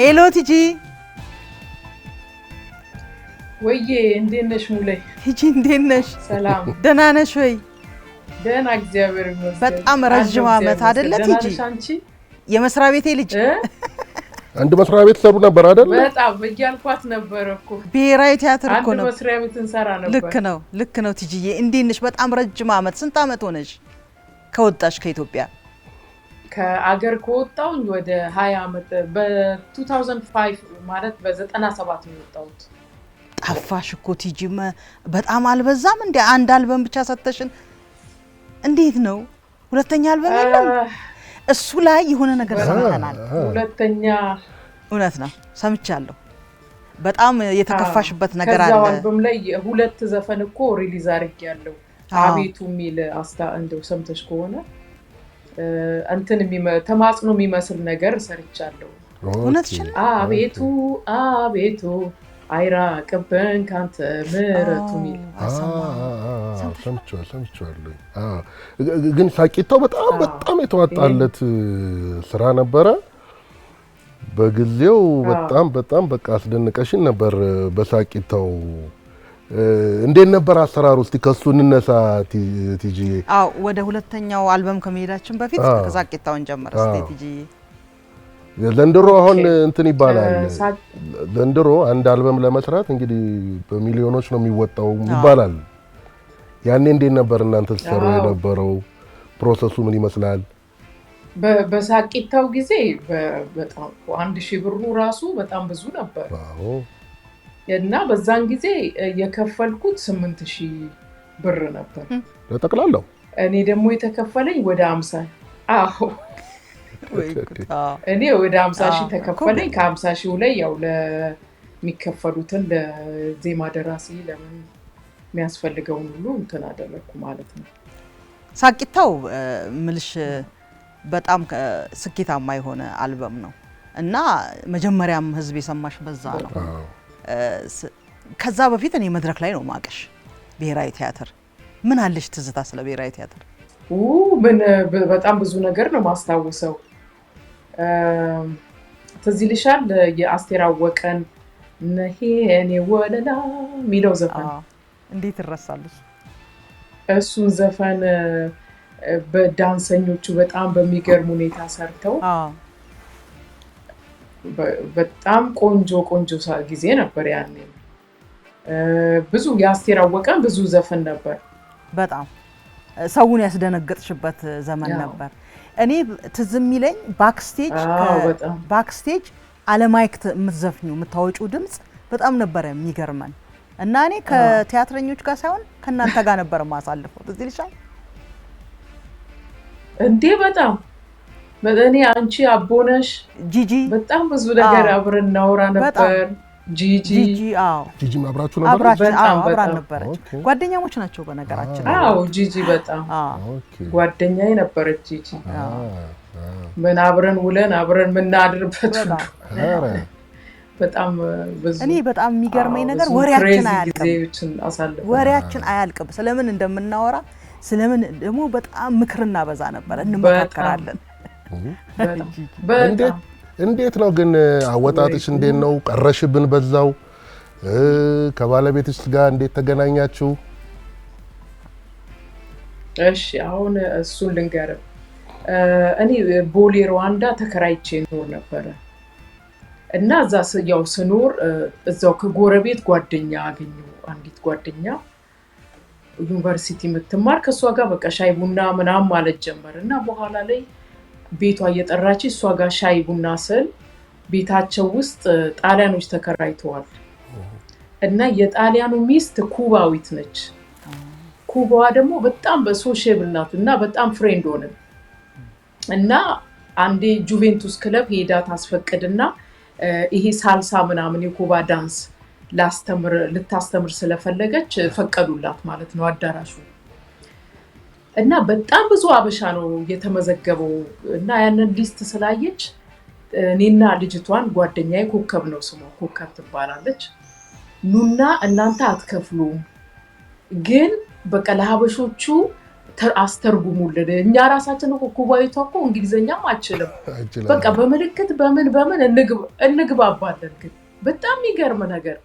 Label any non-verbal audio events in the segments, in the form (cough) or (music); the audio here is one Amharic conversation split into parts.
ሄሎ ቲጂ ወዬ፣ እንዴት ነሽ? ሙላይ ቲጂ እንዴት ነሽ? ሰላም ደህና ነሽ ወይ? ደህና እግዚአብሔር ይመስገን። በጣም ረዥም ዓመት አይደለ ቲጂ? የመስሪያ ቤቴ ልጅ አንድ መስሪያ ቤት ሰሩ ነበር አይደል? በጣም እያልኳት ነበር እኮ ብሔራዊ ቲያትር እኮ ነው። አንድ መስሪያ ቤት እንሰራ ነበር። ልክ ነው፣ ልክ ነው። ቲጂዬ እንዴት ነሽ? በጣም ረጅም አመት ስንት አመት ሆነሽ ከወጣሽ ከኢትዮጵያ? ከአገር ከወጣውኝ ወደ ሀያ ዓመት በ2005 ማለት በ97 ነው የወጣሁት። ጠፋሽ እኮ ቲጂም በጣም አልበዛም እንደ አንድ አልበም ብቻ ሰተሽን እንዴት ነው? ሁለተኛ አልበም የለም። እሱ ላይ የሆነ ነገር ሰምተናል። ሁለተኛ እውነት ነው ሰምቻለሁ። በጣም የተከፋሽበት ነገር አለ። አልበም ላይ ሁለት ዘፈን እኮ ሪሊዝ አድርጌያለሁ። አቤቱ የሚል አስታ እንደው ሰምተሽ ከሆነ እንትን ተማጽኖ የሚመስል ነገር ሰርቻለሁ። አቤቱ አቤቱ አይራቅብን ከአንተ ምሕረቱ ሚል ሰምቼዋለሁ። ግን ሳቂታው በጣም በጣም የተዋጣለት ስራ ነበረ። በጊዜው በጣም በጣም በቃ አስደንቀሽን ነበር በሳቂታው እንዴት ነበር አሰራሩ? እስቲ ከሱ እንነሳ ቲጂ። አዎ ወደ ሁለተኛው አልበም ከመሄዳችን በፊት ከዛቂታውን ጀመረ። እስቲ ቲጂ ዘንድሮ አሁን እንትን ይባላል ዘንድሮ አንድ አልበም ለመስራት እንግዲህ በሚሊዮኖች ነው የሚወጣው ይባላል። ያኔ እንዴት ነበር እናንተ ተሰሩ የነበረው ፕሮሰሱ ምን ይመስላል? በሳቂታው ጊዜ በጣም አንድ ሺህ ብሩ ራሱ በጣም ብዙ ነበር። እና በዛን ጊዜ የከፈልኩት ስምንት ሺህ ብር ነበር ለጠቅላላው። እኔ ደግሞ የተከፈለኝ ወደ አምሳ አዎ እኔ ወደ አምሳ ሺህ ተከፈለኝ። ከአምሳ ሺህ ላይ ያው ለሚከፈሉትን ለዜማ ደራሲ ለምን የሚያስፈልገውን ሁሉ እንትን አደረግኩ ማለት ነው። ሳቂታው ምልሽ በጣም ስኬታማ የሆነ አልበም ነው እና መጀመሪያም ህዝብ የሰማሽ በዛ ነው ከዛ በፊት እኔ መድረክ ላይ ነው ማቀሽ። ብሔራዊ ቲያትር ምን አለሽ ትዝታ ስለ ብሔራዊ ቲያትር? ምን በጣም ብዙ ነገር ነው ማስታውሰው። ትዝ ይልሻል የአስቴር አወቀን ነሄ እኔ ወለላ የሚለው ዘፈን እንዴት እረሳለች? እሱን ዘፈን በዳንሰኞቹ በጣም በሚገርም ሁኔታ ሰርተው በጣም ቆንጆ ቆንጆ ጊዜ ነበር። ያኔ ብዙ የአስቴር አወቀን ብዙ ዘፈን ነበር። በጣም ሰውን ያስደነገጥሽበት ዘመን ነበር። እኔ ትዝ የሚለኝ ባክስቴጅ ባክስቴጅ አለማይክ የምትዘፍኙ የምታወጪው ድምፅ በጣም ነበረ የሚገርመን እና እኔ ከቲያትረኞች ጋር ሳይሆን ከእናንተ ጋር ነበር ማሳልፈው። ትዝ ይልሻል እንዴ? በጣም መጠኔ አንቺ አቦነሽ ጂጂ በጣም ብዙ ነገር አብረን እናወራ ነበር። ጂጂ ጂጂ አብራችሁ ነበር? በጣም ጓደኛሞች ናቸው በነገራችን። አዎ ጂጂ በጣም ጓደኛዬ ነበረች። ጂጂ ምን አብረን ውለን አብረን ምናድርበት በጣም ብዙ እኔ በጣም የሚገርመኝ ነገር ወሬያችን አያልቅም፣ ወሬያችን አያልቅም። ስለምን እንደምናወራ ስለምን ደግሞ በጣም ምክር እናበዛ ነበረ፣ እንመካከራለን እንዴት ነው ግን አወጣጥሽ? እንዴት ነው ቀረሽብን? በዛው ከባለቤትሽ ጋር እንዴት ተገናኛችሁ? እሺ አሁን እሱን ልንገርም። እኔ ቦሌ ሩዋንዳ ተከራይቼ ኖር ነበረ እና እዛ ያው ስኖር እዛው ከጎረቤት ጓደኛ አገኘሁ። አንዲት ጓደኛ ዩኒቨርሲቲ የምትማር ከእሷ ጋር በቃ ሻይ ቡና ምናምን ማለት ጀመር እና በኋላ ላይ ቤቷ እየጠራች እሷ ጋር ሻይ ቡና ስል ቤታቸው ውስጥ ጣሊያኖች ተከራይተዋል እና የጣሊያኑ ሚስት ኩባዊት ነች። ኩባዋ ደግሞ በጣም በሶሼብል ናት እና በጣም ፍሬንድ ሆነን እና አንዴ ጁቬንቱስ ክለብ ሄዳ ታስፈቅድና ይሄ ሳልሳ ምናምን የኩባ ዳንስ ልታስተምር ስለፈለገች ፈቀዱላት ማለት ነው አዳራሹ እና በጣም ብዙ አበሻ ነው የተመዘገበው። እና ያንን ሊስት ስላየች እኔና ልጅቷን ጓደኛዬ ኮከብ ነው ስሟ፣ ኮከብ ትባላለች። ኑና እናንተ አትከፍሉም፣ ግን በቃ ለሀበሾቹ አስተርጉሙልን። እኛ ራሳችን ኩባይቷ እኮ እንግሊዝኛም አችልም፣ በቃ በምልክት በምን በምን እንግባባለን። ግን በጣም የሚገርም ነገር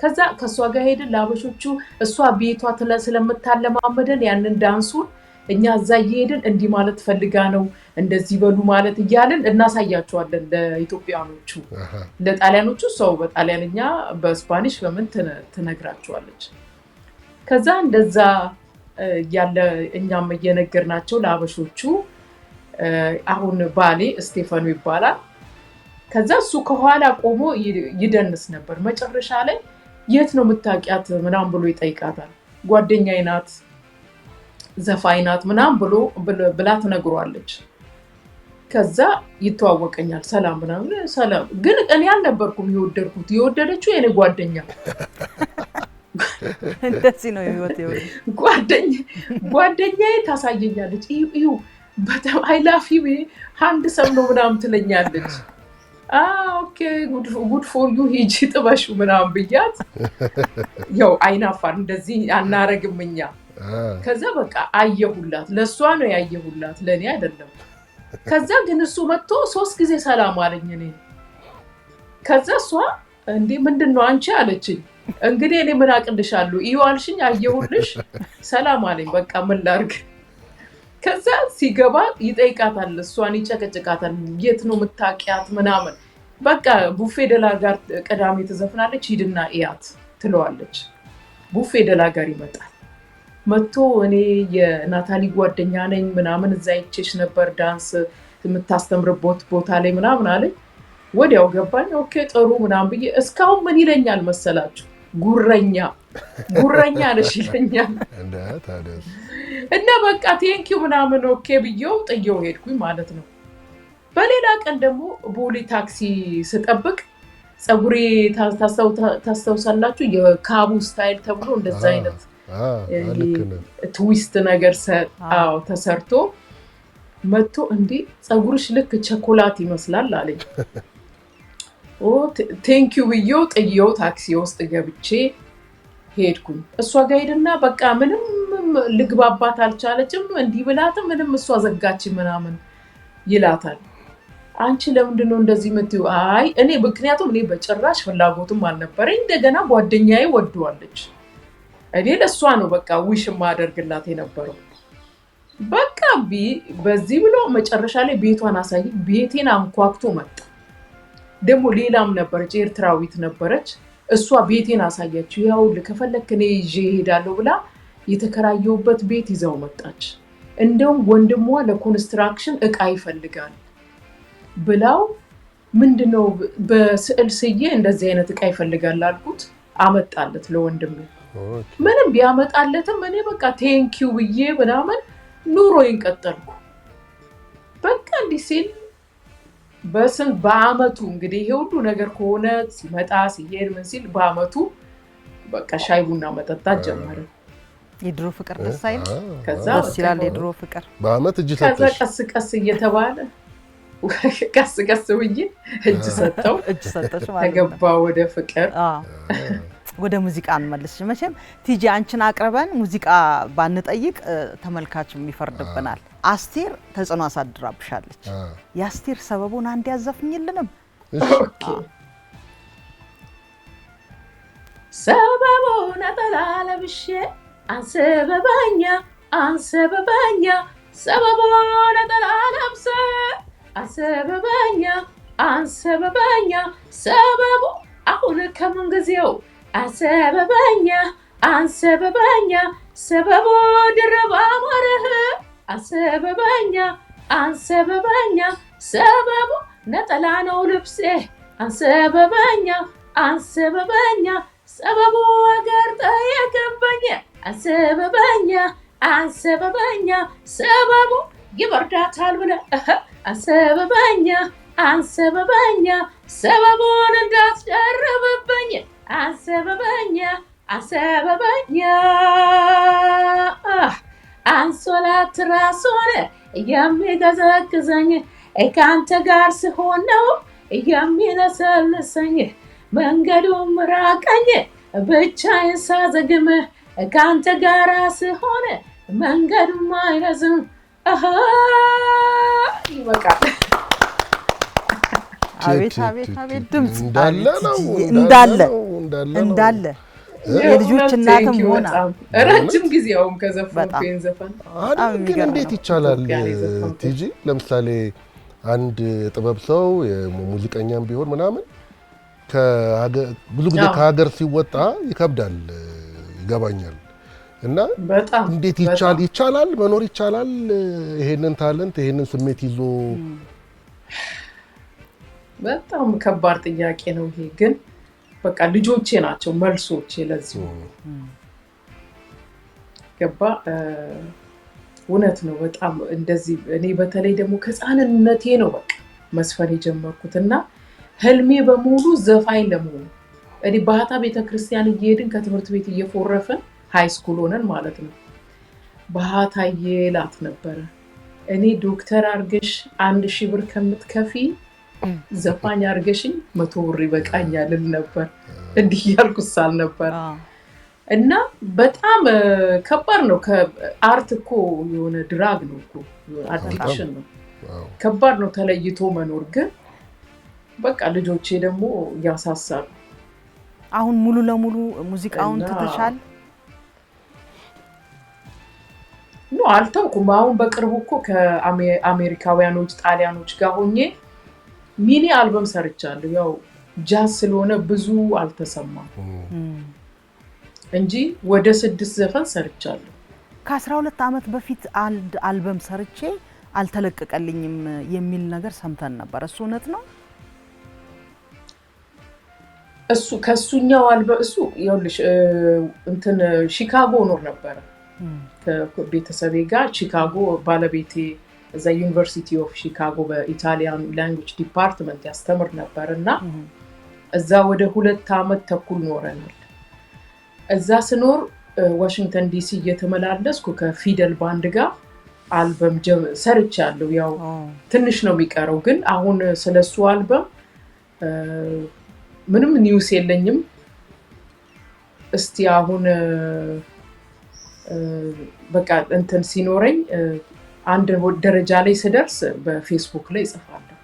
ከዛ ከእሷ ጋር ሄድን ለአበሾቹ እሷ ቤቷ ስለምታለማመደን ያንን ዳንሱን እኛ እዛ እየሄድን እንዲህ ማለት ፈልጋ ነው እንደዚህ በሉ ማለት እያልን እናሳያቸዋለን። ለኢትዮጵያኖቹ ለጣሊያኖቹ ሰው በጣሊያንኛ በስፓኒሽ በምን ትነግራቸዋለች። ከዛ እንደዛ ያለ እኛም እየነገርናቸው ለአበሾቹ አሁን ባሌ እስቴፈኑ ይባላል። ከዛ እሱ ከኋላ ቆሞ ይደንስ ነበር መጨረሻ ላይ የት ነው የምታውቂያት ምናምን ብሎ ይጠይቃታል። ጓደኛዬ ናት፣ ዘፋኝ ናት ምናምን ብሎ ብላ ትነግሯለች። ከዛ ይተዋወቀኛል። ሰላም ምናምን ሰላም ግን እኔ አልነበርኩም የወደድኩት። የወደደችው የኔ ጓደኛ (laughs) እንደዚህ ነው ህይወት። ጓደኛዬ ታሳየኛለች። ይሁ አይላፊ ሀንድ ሰም ነው ምናምን ትለኛለች ኦኬ ጉድ ፎር ዩ ሂጂ ጥበሹ ምናምን ብያት፣ (laughs) ያው አይናፋር እንደዚህ አናረግም እኛ። ከዛ በቃ አየሁላት፣ ለእሷ ነው ያየሁላት፣ ለእኔ አይደለም። ከዛ ግን እሱ መጥቶ ሶስት ጊዜ ሰላም አለኝ እኔ። ከዛ እሷ እንዴ ምንድን ነው አንቺ አለችኝ። እንግዲህ እኔ ምን አቅልሻለሁ? እዩ አልሽኝ፣ አየሁልሽ፣ ሰላም አለኝ። በቃ ምን ላርግ ከዛ ሲገባ ይጠይቃታል፣ እሷን ይጨቀጭቃታል። የት ነው የምታውቂያት? ምናምን በቃ ቡፌ ደላ ጋር ቅዳሜ ትዘፍናለች፣ ሂድና እያት ትለዋለች። ቡፌ ጋር ይመጣል። መጥቶ እኔ የናታሊ ጓደኛ ነኝ ምናምን፣ እዛ ይቼሽ ነበር ዳንስ የምታስተምርበት ቦታ ላይ ምናምን አለኝ። ወዲያው ገባኝ። ኦኬ ጥሩ ምናምን ብዬ እስካሁን ምን ይለኛል መሰላችሁ? ጉረኛ ጉረኛ ነሽ ይለኛል። እና በቃ ቴንኪው ምናምን ኦኬ ብየው ጥየው ሄድኩኝ ማለት ነው። በሌላ ቀን ደግሞ ቦሌ ታክሲ ስጠብቅ ፀጉሬ ታስታውሳላችሁ? የካቡ ስታይል ተብሎ እንደዛ አይነት ትዊስት ነገር ተሰርቶ መጥቶ እንዴ ፀጉርሽ ልክ ቸኮላት ይመስላል አለኝ። (laughs) ቴንኪው ብየው ጥየው ታክሲ ውስጥ ገብቼ ሄድኩኝ እሷ ጋር ሄድና በቃ ምንም ልግባባት አልቻለችም። እንዲህ ብላትም ምንም እሷ ዘጋች ምናምን ይላታል። አንቺ ለምንድን ነው እንደዚህ የምትይው? አይ እኔ ምክንያቱም እኔ በጭራሽ ፍላጎትም አልነበረኝ። እንደገና ጓደኛዬ ወደዋለች። እኔ ለእሷ ነው በቃ ዊሽ ማደርግላት የነበረው። በቃ በዚህ ብሎ መጨረሻ ላይ ቤቷን አሳይ፣ ቤቴን አንኳክቶ መጣ። ደግሞ ሌላም ነበረች፣ ኤርትራዊት ነበረች እሷ ቤቴን አሳያችሁ ይኸውልህ ከፈለክ እኔ ይዤ እሄዳለሁ ብላ የተከራየሁበት ቤት ይዘው መጣች። እንደውም ወንድሟ ለኮንስትራክሽን እቃ ይፈልጋል ብላው ምንድነው በስዕል ስዬ እንደዚህ አይነት እቃ ይፈልጋል አልኩት። አመጣለት ለወንድም ምንም ቢያመጣለትም እኔ በቃ ቴንኪው ብዬ ምናምን ኑሮ ይንቀጠልኩ በቃ እንዲህ ሲል በስን በአመቱ እንግዲህ ይሄ ሁሉ ነገር ከሆነ ሲመጣ ሲሄድ ምን ሲል በአመቱ በቃ ሻይ ቡና መጠጣት ጀመረ። የድሮ ፍቅር ደስ አይል። ከዛ ደስ ይላል የድሮ ፍቅር በአመት እጅ ከዛ ቀስ ቀስ እየተባለ (laughs) ቀስ ቀስ ብዬ እጅ ሰጠው እጅ ሰጠች ማለት ተገባ ወደ ፍቅር ወደ ሙዚቃ እንመልስሽ። መቼም ቲጂ አንቺን አቅርበን ሙዚቃ ባንጠይቅ ተመልካችም ይፈርድብናል። አስቴር ተጽዕኖ አሳድራብሻለች። የአስቴር ሰበቡን አንድ ያዘፍኝልንም ሰበቡን አጠላለብሽ አንሰበባኛ አንሰበባኛ ሰበቡን አጠላለብሰ አንሰበባኛ አንሰበባኛ ሰበቡ አሁን ከምንጊዜው አሰበበኛ አንሰበበኛ ሰበቦ ድረባ ማረህ አሰበበኛ አንሰበበኛ ሰበቦ ነጠላ ነው ልብሴ አንሰበበኛ አንሰበበኛ ሰበቦ ሀገር ጠየቀበኝ አንሰበበኛ አንሰበበኛ ሰበቦ ይበርዳታል ብለ አንሰበበኛ አንሰበበኛ ሰበቦን እንዳትደርብብኝ አሰበበኛ አሰበበኛ አንሶላ ትራሶን የሚገዘግዘኝ ከአንተ ጋር ስሆን ነው የሚለሰልሰኝ መንገዱም ራቀኝ ብቻዬን ሳዘግም ከአንተ ጋር ስሆን መንገዱም አይረዝም። ይበቃል። አቤት ድምፅ እንዳለ እንዳለ የልጆች እናትም ሆና ረጅም ጊዜ አሁን ከዘፈን ዘፈን ግን እንዴት ይቻላል? ቲጂ ለምሳሌ አንድ ጥበብ ሰው ሙዚቀኛም ቢሆን ምናምን ብዙ ጊዜ ከሀገር ሲወጣ ይከብዳል፣ ይገባኛል። እና እንዴት ይቻላል? መኖር ይቻላል? ይሄንን ታለንት ይሄንን ስሜት ይዞ በጣም ከባድ ጥያቄ ነው ይሄ። ግን በቃ ልጆቼ ናቸው መልሶቼ ለዚሁ ገባ። እውነት ነው በጣም እንደዚህ። እኔ በተለይ ደግሞ ከህፃንነቴ ነው በቃ መስፈን የጀመርኩት እና ህልሜ በሙሉ ዘፋኝ ለመሆኑ እኔ ባህታ ቤተክርስቲያን እየሄድን ከትምህርት ቤት እየፎረፍን ሃይ ስኩል ሆነን ማለት ነው ባህታ የላት ነበረ እኔ ዶክተር አርገሽ አንድ ሺህ ብር ከምትከፊ ዘፋኝ አድርገሽኝ መቶ ብር ይበቃኛል እል ነበር እንዲህ እያልኩ ሳል ነበር። እና በጣም ከባድ ነው። አርት እኮ የሆነ ድራግ ነው እኮ አዲክሽን ነው። ከባድ ነው ተለይቶ መኖር። ግን በቃ ልጆቼ ደግሞ ያሳሳሉ። አሁን ሙሉ ለሙሉ ሙዚቃውን ትተሻል? ኖ አልተውኩም። አሁን በቅርቡ እኮ ከአሜሪካውያኖች ጣሊያኖች ጋር ሆኜ ሚኒ አልበም ሰርቻለሁ። ያው ጃዝ ስለሆነ ብዙ አልተሰማም እንጂ ወደ ስድስት ዘፈን ሰርቻለሁ። ከአስራ ሁለት ዓመት በፊት አንድ አልበም ሰርቼ አልተለቀቀልኝም የሚል ነገር ሰምተን ነበር። እሱ እውነት ነው? እሱ ከእሱኛው አልበ እሱ ይኸውልሽ እንትን ሺካጎ ኖር ነበረ ከቤተሰቤ ጋር ሺካጎ ባለቤቴ እዛ ዩኒቨርሲቲ ኦፍ ሺካጎ በኢታሊያን ላንጉጅ ዲፓርትመንት ያስተምር ነበር እና እዛ ወደ ሁለት ዓመት ተኩል ኖረናል። እዛ ስኖር ዋሽንግተን ዲሲ እየተመላለስኩ ከፊደል ባንድ ጋር አልበም ሰርቻለሁ። ያው ትንሽ ነው የሚቀረው፣ ግን አሁን ስለሱ አልበም ምንም ኒውስ የለኝም። እስቲ አሁን በቃ እንትን ሲኖረኝ አንድ ደረጃ ላይ ስደርስ በፌስቡክ ላይ እጽፋለሁ።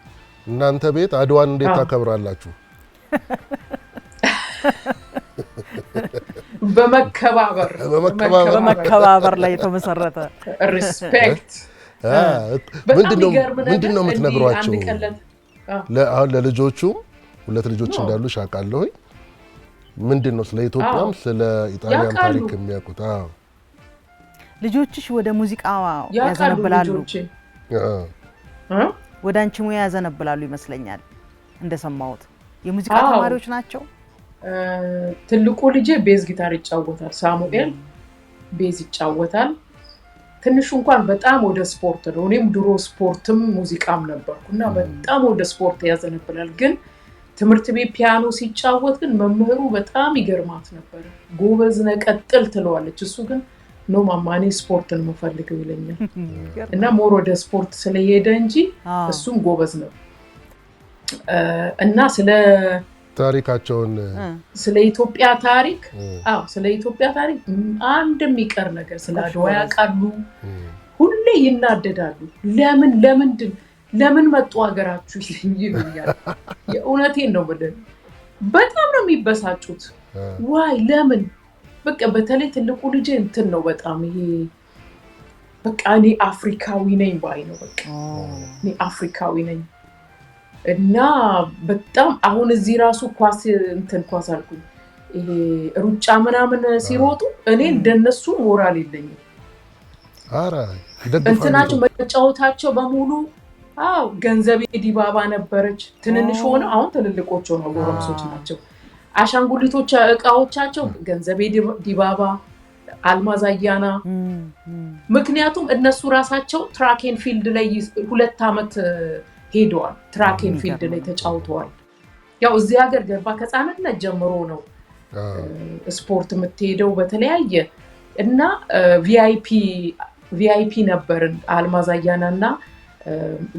እናንተ ቤት አድዋን እንዴት ታከብራላችሁ? (laughs) በመከባበር በመከባበር ላይ የተመሰረተ (laughs) ሪስፔክት። ምንድን ነው የምትነግሯቸው? አሁን ለልጆቹ ሁለት ልጆች እንዳሉ ሻቃለሁኝ። ምንድን ነው ስለ ኢትዮጵያም ስለ ኢጣሊያም ታሪክ የሚያውቁት? ልጆችሽ ወደ ሙዚቃ ያዘነብላሉ፣ ወደ አንቺ ሙያ ያዘነብላሉ ይመስለኛል እንደሰማሁት። የሙዚቃ ተማሪዎች ናቸው። ትልቁ ልጄ ቤዝ ጊታር ይጫወታል። ሳሙኤል ቤዝ ይጫወታል። ትንሹ እንኳን በጣም ወደ ስፖርት ነው። እኔም ድሮ ስፖርትም ሙዚቃም ነበርኩ እና በጣም ወደ ስፖርት ያዘነብላል። ግን ትምህርት ቤት ፒያኖ ሲጫወት ግን መምህሩ በጣም ይገርማት ነበረ። ጎበዝ ነቀጥል ትለዋለች። እሱ ግን ኖ ማማ እኔ ስፖርት ነው የምፈልገው ይለኛል እና ሞር ወደ ስፖርት ስለሄደ እንጂ እሱም ጎበዝ ነው እና ስለ ታሪካቸውን ስለ ኢትዮጵያ ታሪክ ስለ ኢትዮጵያ ታሪክ አንድ የሚቀር ነገር ስለ አድዋ ያውቃሉ። ሁሌ ይናደዳሉ። ለምን ለምንድን ለምን መጡ ሀገራችሁ ይሉኛል። የእውነቴን ነው ብለን በጣም ነው የሚበሳጩት። ዋይ ለምን በቃ በተለይ ትልቁ ልጅ እንትን ነው በጣም ይሄ በቃ እኔ አፍሪካዊ ነኝ ባይ ነው። በቃ እኔ አፍሪካዊ ነኝ እና በጣም አሁን እዚህ ራሱ ኳስ እንትን ኳስ አልኩኝ ይሄ ሩጫ ምናምን ሲሮጡ እኔ እንደነሱ ሞራል የለኝም። እንትናቸው መጫወታቸው በሙሉ ገንዘቤ ዲባባ ነበረች። ትንንሽ ሆነ አሁን ትልልቆች ሆነ ጎረምሶች ናቸው። አሻንጉሊቶች እቃዎቻቸው ገንዘቤ ዲባባ፣ አልማዝ አያና። ምክንያቱም እነሱ ራሳቸው ትራኬን ፊልድ ላይ ሁለት ዓመት ሄደዋል። ትራኬን ፊልድ ላይ ተጫውተዋል። ያው እዚህ ሀገር ገባ ከህፃንነት ጀምሮ ነው ስፖርት የምትሄደው በተለያየ እና ቪአይፒ ነበርን አልማዝ አያና እና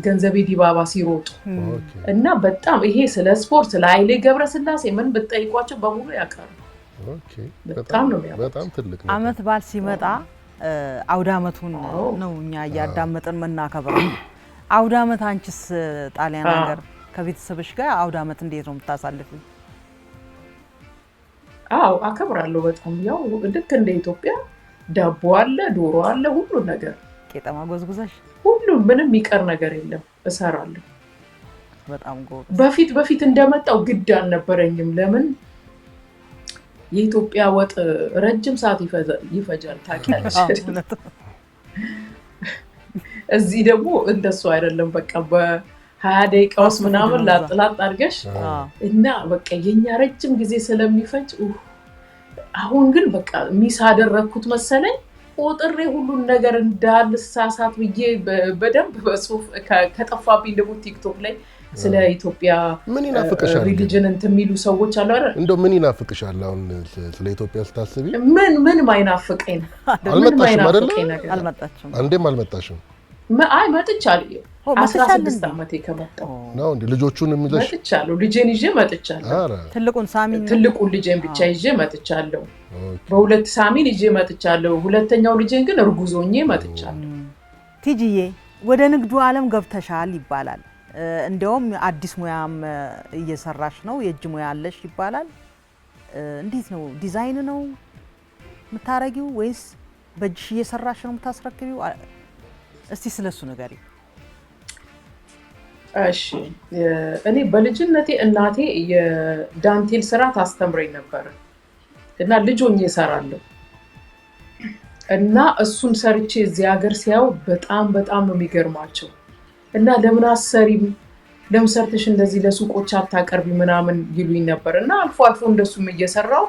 ገንዘቤ ዲባባ ሲሮጡ እና በጣም ይሄ ስለ ስፖርት ስለ ኃይሌ ገብረስላሴ ምን ብጠይቋቸው በሙሉ ያውቃሉ። በጣም ነው አመት በዓል ሲመጣ አውዳ አመቱን ነው እኛ እያዳመጥን የምናከብረው። አውደ አመት አንቺስ ጣሊያን ሀገር ከቤተሰብሽ ጋር አውዳ አመት እንዴት ነው የምታሳልፍ አዎ አከብራለሁ በጣም ያው ልክ እንደ ኢትዮጵያ ዳቦ አለ፣ ዶሮ አለ፣ ሁሉ ነገር ቄጠማ ጎዝጉዘሽ ሁሉም ምንም ይቀር ነገር የለም እሰራለሁ። በጣም በፊት በፊት እንደመጣው ግድ አልነበረኝም። ለምን የኢትዮጵያ ወጥ ረጅም ሰዓት ይፈጃል ታውቂያለሽ። እዚህ ደግሞ እንደሱ አይደለም። በቃ በሀያ ደቂቃ ውስጥ ምናምን ላጥላጥ አድርገሽ እና በቃ የኛ ረጅም ጊዜ ስለሚፈጅ አሁን ግን በቃ ሚስ አደረግኩት መሰለኝ ቆጥሬ ሁሉን ነገር እንዳልሳሳት ብዬ በደንብ በጽሁፍ ከጠፋብኝ ደግሞ ቲክቶክ ላይ ስለ ኢትዮጵያ ምን ይናፍቅሻል? ሪሊጅን እንትን የሚሉ ሰዎች አሉ አይደል? እንደው ምን ይናፍቅሻል? አሁን ስለ ኢትዮጵያ ስታስቢ ምን ምን ማይናፍቀኝ? አልመጣሽም አይደለ? አንዴም አልመጣሽም። አይ መጥቻለሁ ዓመቴ ከመጣሁ ነው እንደ ልጆቹን የሚለሽ መጥቻለሁ። ልጄን ይዤ መጥቻለሁ። ትልቁን ሳሚ ትልቁን ልጄን ብቻ ይዤ መጥቻለሁ። በሁለት ሳሚን ይዤ መጥቻለሁ። ሁለተኛው ልጄን ግን እርጉዞኜ መጥቻለሁ። ቲጂዬ ወደ ንግዱ ዓለም ገብተሻል ይባላል። እንዲያውም አዲስ ሙያም እየሰራሽ ነው፣ የእጅ ሙያ አለሽ ይባላል። እንዴት ነው ዲዛይን ነው የምታረጊው ወይስ በእጅሽ እየሰራሽ ነው የምታስረክቢው? እስቲ ስለሱ ንገሪኝ። እሺ እኔ በልጅነቴ እናቴ የዳንቴል ስራ ታስተምረኝ ነበር እና ልጅ ሆኜ እሰራለሁ እና እሱን ሰርቼ እዚህ ሀገር ሲያው በጣም በጣም ነው የሚገርማቸው። እና ለምን አሰሪም ለምን ሰርተሽ እንደዚህ ለሱቆች አታቀርቢ ምናምን ይሉኝ ነበር እና አልፎ አልፎ እንደሱም እየሰራው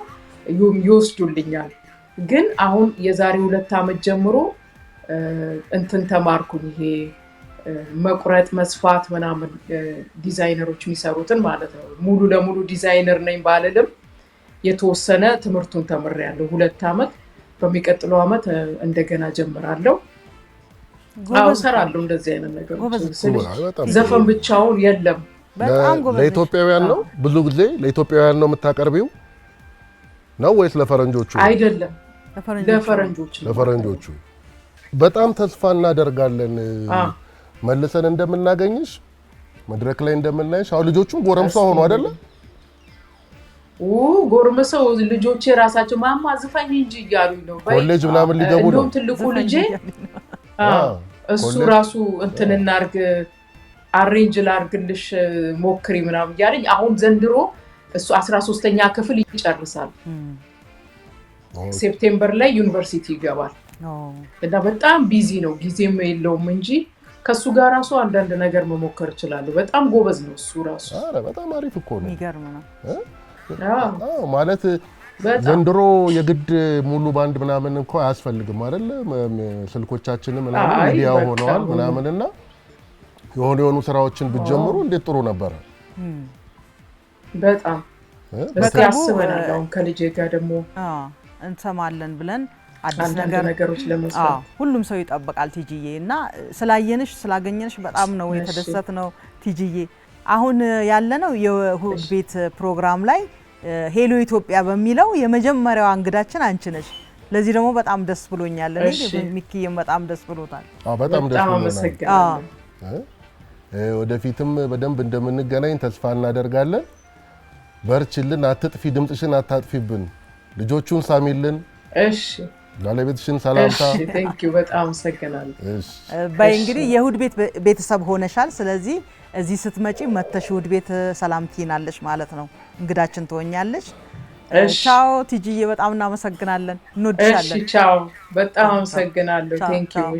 ይወስዱልኛል። ግን አሁን የዛሬ ሁለት ዓመት ጀምሮ እንትን ተማርኩኝ ይሄ መቁረጥ፣ መስፋት ምናምን ዲዛይነሮች የሚሰሩትን ማለት ነው። ሙሉ ለሙሉ ዲዛይነር ነኝ ባልልም የተወሰነ ትምህርቱን ተምሬያለሁ። ሁለት ዓመት በሚቀጥለው ዓመት እንደገና ጀምራለሁ። አዎ እሰራለሁ። እንደዚህ አይነት ነገሮች ዘፈን ብቻውን የለም። ለኢትዮጵያውያን ነው ብዙ ጊዜ ለኢትዮጵያውያን ነው የምታቀርቢው ነው ወይስ ለፈረንጆቹ? አይደለም ለፈረንጆቹ። በጣም ተስፋ እናደርጋለን። መልሰን እንደምናገኝሽ መድረክ ላይ እንደምናይሽ። አሁን ልጆቹም ጎረምሳ ሆኖ አይደለ? ጎርምሰው ልጆቼ የራሳቸው ማማ ዝፋኝ እንጂ እያሉ ነው። ኮሌጅ ምናምን ሊገቡ ነው። ትልቁ ልጄ እሱ ራሱ እንትን እናርግ አሬንጅ ላርግልሽ ሞክሪ ምናምን እያለኝ አሁን ዘንድሮ እሱ አስራ ሶስተኛ ክፍል ይጨርሳል። ሴፕቴምበር ላይ ዩኒቨርሲቲ ይገባል እና በጣም ቢዚ ነው፣ ጊዜም የለውም እንጂ ከእሱ ጋር ራሱ አንዳንድ ነገር መሞከር እችላለሁ። በጣም ጎበዝ ነው እሱ ራሱ። ኧረ በጣም አሪፍ እኮ ነው። የሚገርም ነው ማለት ዘንድሮ የግድ ሙሉ ባንድ ምናምን እንኳ አያስፈልግም አይደለ? ስልኮቻችን ምናምን ሚዲያ ሆነዋል ምናምን እና የሆኑ የሆኑ ስራዎችን ብትጀምሩ እንዴት ጥሩ ነበረ። በጣም እስኪ አስበናል። አሁን ከልጄ ጋር ደግሞ እንሰማለን ብለን አዲስ ነገር ነገሮች ለመስራት ሁሉም ሰው ይጠብቃል። ቲጂዬ እና ስላየንሽ ስላገኘንሽ በጣም ነው የተደሰት ነው። ቲጂዬ አሁን ያለነው የእሁድ ቤት ፕሮግራም ላይ ሄሎ ኢትዮጵያ በሚለው የመጀመሪያው እንግዳችን አንቺ ነሽ። ለዚህ ደግሞ በጣም ደስ ብሎኛል። ሚኪዬም በጣም ደስ ብሎታል። በጣም ደስ ብሎናል። ወደፊትም በደንብ እንደምንገናኝ ተስፋ እናደርጋለን። በርችልን፣ አትጥፊ፣ ድምፅሽን አታጥፊብን፣ ልጆቹን ሳሚልን። እሺ ባለቤትሽን ሰላምታ ቴንኪው በጣም አመሰግናለሁ። በይ እንግዲህ የእሑድ ቤት ቤተሰብ ሆነሻል። ስለዚህ እዚህ ስትመጪ መተሽ እሑድ ቤት ሰላም ትይናለሽ ማለት ነው። እንግዳችን ትሆኛለሽ። ቻው ቲጂዬ፣ በጣም እናመሰግናለን። እንወድሻለን። ቻው፣ በጣም አመሰግናለሁ። ቴንኪው።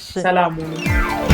እሺ፣ ሰላም ሁኑ።